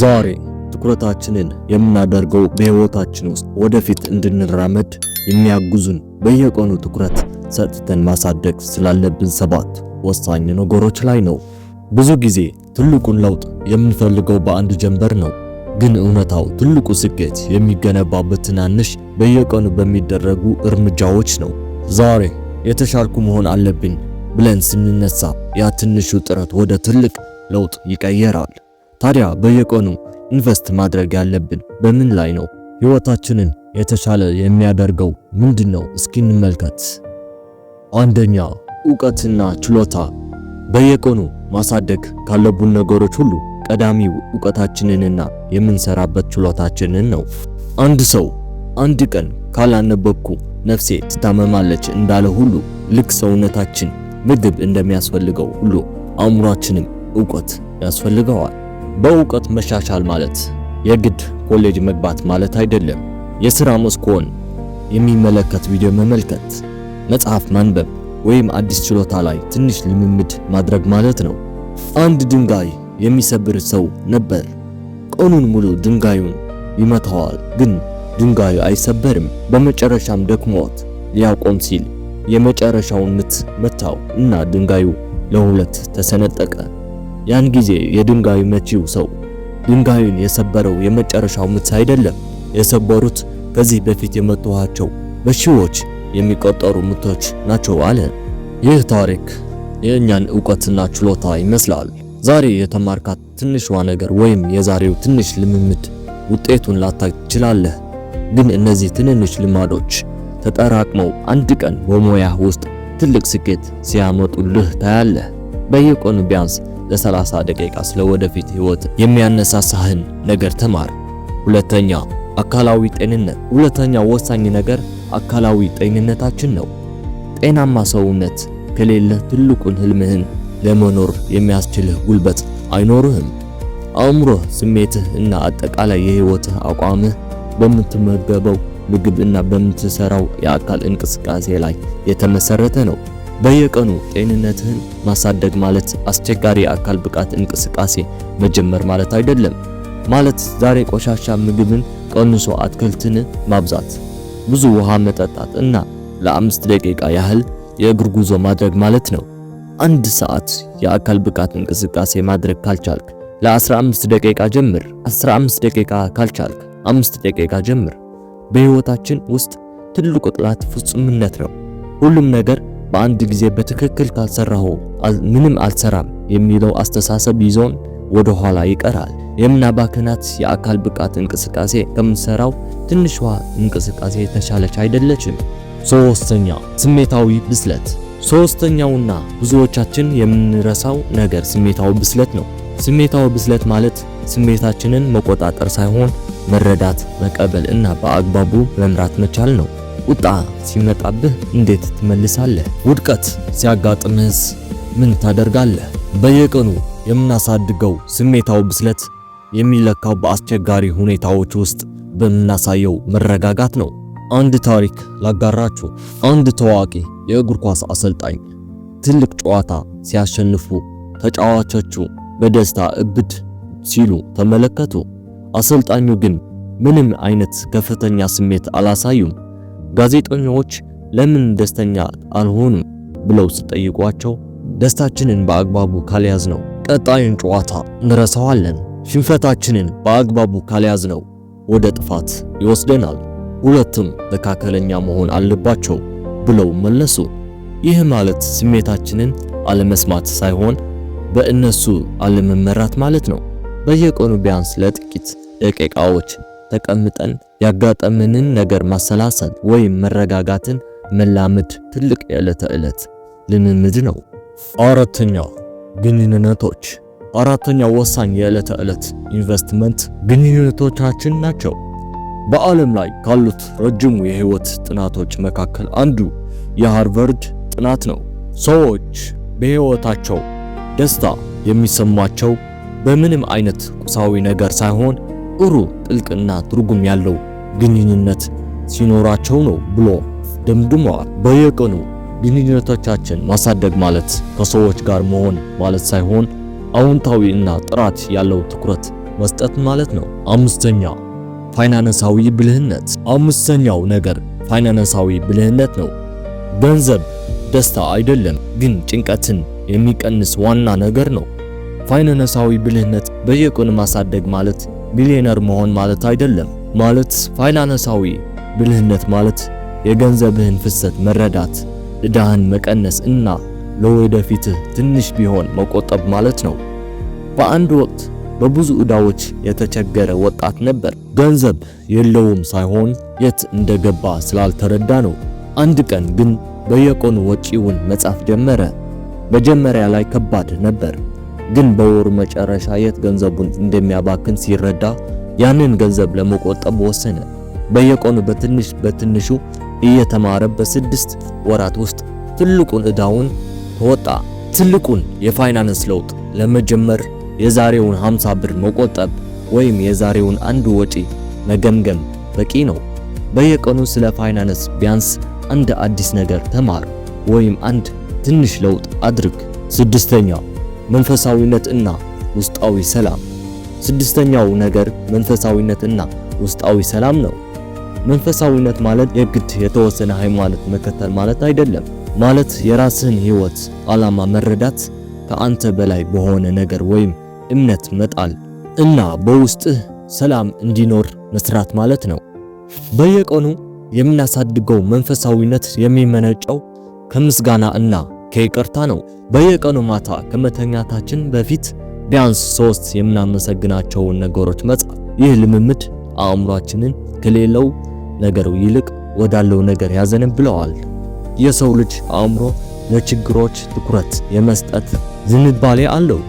ዛሬ ትኩረታችንን የምናደርገው በህይወታችን ውስጥ ወደፊት እንድንራመድ የሚያግዙን በየቀኑ ትኩረት ሰጥተን ማሳደግ ስላለብን ሰባት ወሳኝ ነገሮች ላይ ነው። ብዙ ጊዜ ትልቁን ለውጥ የምንፈልገው በአንድ ጀንበር ነው። ግን እውነታው ትልቁ ስኬት የሚገነባ በትናንሽ በየቀኑ በሚደረጉ እርምጃዎች ነው። ዛሬ የተሻልኩ መሆን አለብኝ ብለን ስንነሳ ያ ትንሹ ጥረት ወደ ትልቅ ለውጥ ይቀየራል። ታዲያ በየቀኑ ኢንቨስት ማድረግ ያለብን በምን ላይ ነው? ህይወታችንን የተሻለ የሚያደርገው ምንድን ነው? እስኪ እንመልከት። አንደኛ እውቀትና ችሎታ። በየቀኑ ማሳደግ ካለቡን ነገሮች ሁሉ ቀዳሚው እውቀታችንንና የምንሰራበት ችሎታችንን ነው። አንድ ሰው አንድ ቀን ካላነበብኩ ነፍሴ ትታመማለች እንዳለ ሁሉ ልክ ሰውነታችን ምግብ እንደሚያስፈልገው ሁሉ አእምሯችንም እውቀት ያስፈልገዋል። በእውቀት መሻሻል ማለት የግድ ኮሌጅ መግባት ማለት አይደለም። የሥራ መስኮን የሚመለከት ቪዲዮ መመልከት፣ መጽሐፍ ማንበብ ወይም አዲስ ችሎታ ላይ ትንሽ ልምምድ ማድረግ ማለት ነው። አንድ ድንጋይ የሚሰብር ሰው ነበር። ቀኑን ሙሉ ድንጋዩን ይመታዋል፣ ግን ድንጋዩ አይሰበርም። በመጨረሻም ደክሞት ሊያቆም ሲል የመጨረሻውን ምት መታው እና ድንጋዩ ለሁለት ተሰነጠቀ። ያን ጊዜ የድንጋይ መቺው ሰው ድንጋዩን የሰበረው የመጨረሻው ምት አይደለም። የሰበሩት ከዚህ በፊት የመቷቸው በሺዎች የሚቆጠሩ ምቶች ናቸው አለ። ይህ ታሪክ የእኛን እውቀትና ችሎታ ይመስላል። ዛሬ የተማርካት ትንሿ ነገር ወይም የዛሬው ትንሽ ልምምድ ውጤቱን ላታይ ትችላለህ። ግን እነዚህ ትንንሽ ልማዶች ተጠራቅመው አንድ ቀን በሙያህ ውስጥ ትልቅ ስኬት ሲያመጡልህ ታያለህ። በየቀኑ ቢያንስ ለ30 ደቂቃ ስለ ወደፊት ህይወት የሚያነሳሳህን ነገር ተማር። ሁለተኛ አካላዊ ጤንነት። ሁለተኛ ወሳኝ ነገር አካላዊ ጤንነታችን ነው። ጤናማ ሰውነት ከሌለ ትልቁን ህልምህን ለመኖር የሚያስችልህ ጉልበት አይኖርህም። አእምሮህ፣ ስሜትህ እና አጠቃላይ የህይወትህ አቋምህ በምትመገበው ምግብ እና በምትሰራው የአካል እንቅስቃሴ ላይ የተመሰረተ ነው። በየቀኑ ጤንነትህን ማሳደግ ማለት አስቸጋሪ የአካል ብቃት እንቅስቃሴ መጀመር ማለት አይደለም። ማለት ዛሬ ቆሻሻ ምግብን ቀንሶ አትክልትን ማብዛት፣ ብዙ ውሃ መጠጣት እና ለአምስት ደቂቃ ያህል የእግር ጉዞ ማድረግ ማለት ነው። አንድ ሰዓት የአካል ብቃት እንቅስቃሴ ማድረግ ካልቻልክ ለ15 ደቂቃ ጀምር። 15 ደቂቃ ካልቻልክ 5 ደቂቃ ጀምር። በህይወታችን ውስጥ ትልቁ ጥላት ፍጹምነት ነው። ሁሉም ነገር በአንድ ጊዜ በትክክል ካልሰራሁ ምንም አልሰራም የሚለው አስተሳሰብ ይዞን ወደ ኋላ ይቀራል። የምናባክናት የአካል ብቃት እንቅስቃሴ ከምንሰራው ትንሿ እንቅስቃሴ የተሻለች አይደለችም። ሶስተኛ ስሜታዊ ብስለት። ሶስተኛውና ብዙዎቻችን የምንረሳው ነገር ስሜታዊ ብስለት ነው። ስሜታዊ ብስለት ማለት ስሜታችንን መቆጣጠር ሳይሆን መረዳት፣ መቀበል እና በአግባቡ መምራት መቻል ነው። ቁጣ ሲመጣብህ እንዴት ትመልሳለህ? ውድቀት ሲያጋጥምህስ ምን ታደርጋለህ? በየቀኑ የምናሳድገው ስሜታዊ ብስለት የሚለካው በአስቸጋሪ ሁኔታዎች ውስጥ በምናሳየው መረጋጋት ነው። አንድ ታሪክ ላጋራችሁ። አንድ ታዋቂ የእግር ኳስ አሰልጣኝ ትልቅ ጨዋታ ሲያሸንፉ ተጫዋቾቹ በደስታ እብድ ሲሉ ተመለከቱ። አሰልጣኙ ግን ምንም አይነት ከፍተኛ ስሜት አላሳዩም። ጋዜጠኞች ለምን ደስተኛ አልሆኑም ብለው ሲጠይቋቸው ደስታችንን በአግባቡ ካልያዝ ነው ቀጣዩን ጨዋታ እንረሳዋለን። ሽንፈታችንን በአግባቡ ካልያዝ ነው ወደ ጥፋት ይወስደናል። ሁለቱም መካከለኛ መሆን አለባቸው ብለው መለሱ። ይህ ማለት ስሜታችንን አለመስማት ሳይሆን በእነሱ አለመመራት ማለት ነው። በየቀኑ ቢያንስ ለጥቂት ደቂቃዎች ተቀምጠን ያጋጠመንን ነገር ማሰላሰል ወይም መረጋጋትን መላመድ ትልቅ የዕለት ተዕለት ልምምድ ነው። አራተኛ ግንኙነቶች። አራተኛው ወሳኝ የዕለት ተዕለት ኢንቨስትመንት ግንኙነቶቻችን ናቸው። በዓለም ላይ ካሉት ረጅሙ የህይወት ጥናቶች መካከል አንዱ የሃርቨርድ ጥናት ነው። ሰዎች በህይወታቸው ደስታ የሚሰማቸው በምንም አይነት ቁሳዊ ነገር ሳይሆን ጥሩ ጥልቅና ትርጉም ያለው ግንኙነት ሲኖራቸው ነው ብሎ ደምድመዋል። በየቀኑ ግንኙነቶቻችን ማሳደግ ማለት ከሰዎች ጋር መሆን ማለት ሳይሆን አዎንታዊ እና ጥራት ያለው ትኩረት መስጠት ማለት ነው። አምስተኛ ፋይናንሳዊ ብልህነት። አምስተኛው ነገር ፋይናንሳዊ ብልህነት ነው። ገንዘብ ደስታ አይደለም፣ ግን ጭንቀትን የሚቀንስ ዋና ነገር ነው። ፋይናንሳዊ ብልህነት በየቀኑ ማሳደግ ማለት ሚሊዮነር መሆን ማለት አይደለም። ማለት ፋይናንሳዊ ብልህነት ማለት የገንዘብህን ፍሰት መረዳት፣ ዕዳህን መቀነስ እና ለወደፊትህ ትንሽ ቢሆን መቆጠብ ማለት ነው። በአንድ ወቅት በብዙ ዕዳዎች የተቸገረ ወጣት ነበር። ገንዘብ የለውም ሳይሆን የት እንደገባ ስላልተረዳ ነው። አንድ ቀን ግን በየቀኑ ወጪውን መጻፍ ጀመረ። መጀመሪያ ላይ ከባድ ነበር። ግን በወሩ መጨረሻ የት ገንዘቡን እንደሚያባክን ሲረዳ ያንን ገንዘብ ለመቆጠብ ወሰነ። በየቀኑ በትንሽ በትንሹ እየተማረ በስድስት ወራት ውስጥ ትልቁን እዳውን ተወጣ። ትልቁን የፋይናንስ ለውጥ ለመጀመር የዛሬውን 50 ብር መቆጠብ ወይም የዛሬውን አንድ ወጪ መገምገም በቂ ነው። በየቀኑ ስለ ፋይናንስ ቢያንስ አንድ አዲስ ነገር ተማር ወይም አንድ ትንሽ ለውጥ አድርግ። ስድስተኛ መንፈሳዊነት እና ውስጣዊ ሰላም። ስድስተኛው ነገር መንፈሳዊነት እና ውስጣዊ ሰላም ነው። መንፈሳዊነት ማለት የግድ የተወሰነ ሃይማኖት መከተል ማለት አይደለም። ማለት የራስህን ህይወት ዓላማ መረዳት፣ ከአንተ በላይ በሆነ ነገር ወይም እምነት መጣል እና በውስጥህ ሰላም እንዲኖር መስራት ማለት ነው። በየቀኑ የምናሳድገው መንፈሳዊነት የሚመነጨው ከምስጋና እና ከይቅርታ ነው። በየቀኑ ማታ ከመተኛታችን በፊት ቢያንስ ሶስት የምናመሰግናቸውን ነገሮች መጻፍ። ይህ ልምምድ አእምሯችንን ከሌለው ነገር ይልቅ ወዳለው ነገር ብለዋል። የሰው ልጅ አእምሮ ለችግሮች ትኩረት የመስጠት ዝንባሌ አለው።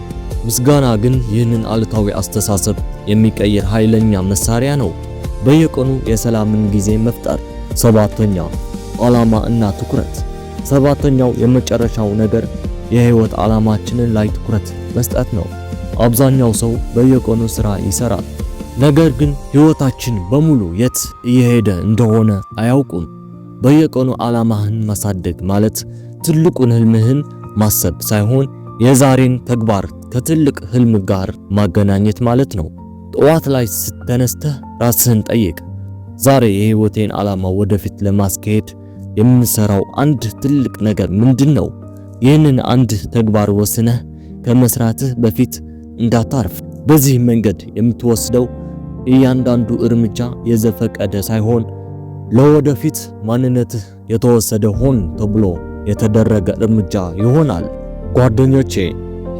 ምስጋና ግን ይህንን አሉታዊ አስተሳሰብ የሚቀይር ኃይለኛ መሳሪያ ነው። በየቀኑ የሰላምን ጊዜ መፍጠር። ሰባተኛ ዓላማ እና ትኩረት ሰባተኛው የመጨረሻው ነገር የህይወት ዓላማችንን ላይ ትኩረት መስጠት ነው። አብዛኛው ሰው በየቀኑ ስራ ይሰራል፣ ነገር ግን ህይወታችን በሙሉ የት እየሄደ እንደሆነ አያውቁም። በየቀኑ ዓላማህን ማሳደግ ማለት ትልቁን ህልምህን ማሰብ ሳይሆን የዛሬን ተግባር ከትልቅ ህልም ጋር ማገናኘት ማለት ነው። ጠዋት ላይ ስተነስተህ ራስህን ጠይቅ፣ ዛሬ የህይወቴን ዓላማ ወደፊት ለማስካሄድ የምንሰራው አንድ ትልቅ ነገር ምንድን ነው? ይህንን አንድ ተግባር ወስነህ ከመስራትህ በፊት እንዳታርፍ። በዚህ መንገድ የምትወስደው እያንዳንዱ እርምጃ የዘፈቀደ ሳይሆን ለወደፊት ማንነትህ የተወሰደ ሆን ተብሎ የተደረገ እርምጃ ይሆናል። ጓደኞቼ፣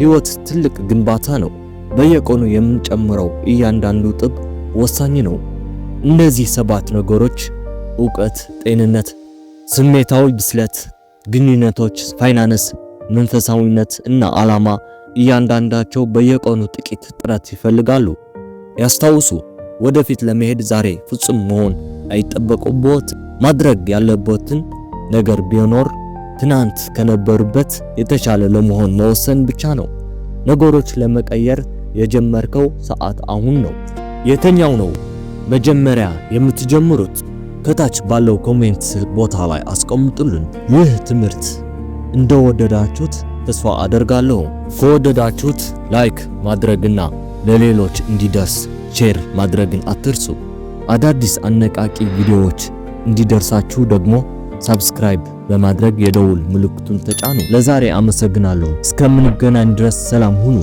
ህይወት ትልቅ ግንባታ ነው። በየቀኑ የምንጨምረው እያንዳንዱ ጥብ ወሳኝ ነው። እነዚህ ሰባት ነገሮች እውቀት፣ ጤንነት ስሜታዊ ብስለት፣ ግንኙነቶች፣ ፋይናንስ፣ መንፈሳዊነት እና ዓላማ እያንዳንዳቸው በየቀኑ ጥቂት ጥረት ይፈልጋሉ። ያስታውሱ፣ ወደፊት ለመሄድ ዛሬ ፍጹም መሆን አይጠበቁቦት። ማድረግ ያለቦትን ነገር ቢኖር ትናንት ከነበሩበት የተሻለ ለመሆን መወሰን ብቻ ነው። ነገሮች ለመቀየር የጀመርከው ሰዓት አሁን ነው። የተኛው ነው መጀመሪያ የምትጀምሩት ከታች ባለው ኮሜንት ቦታ ላይ አስቀምጡልን። ይህ ትምህርት እንደወደዳችሁት ተስፋ አደርጋለሁ። ከወደዳችሁት ላይክ ማድረግና ለሌሎች እንዲደርስ ሼር ማድረግን አትርሱ። አዳዲስ አነቃቂ ቪዲዮዎች እንዲደርሳችሁ ደግሞ ሳብስክራይብ በማድረግ የደውል ምልክቱን ተጫኑ። ለዛሬ አመሰግናለሁ። እስከምንገናኝ ድረስ ሰላም ሁኑ።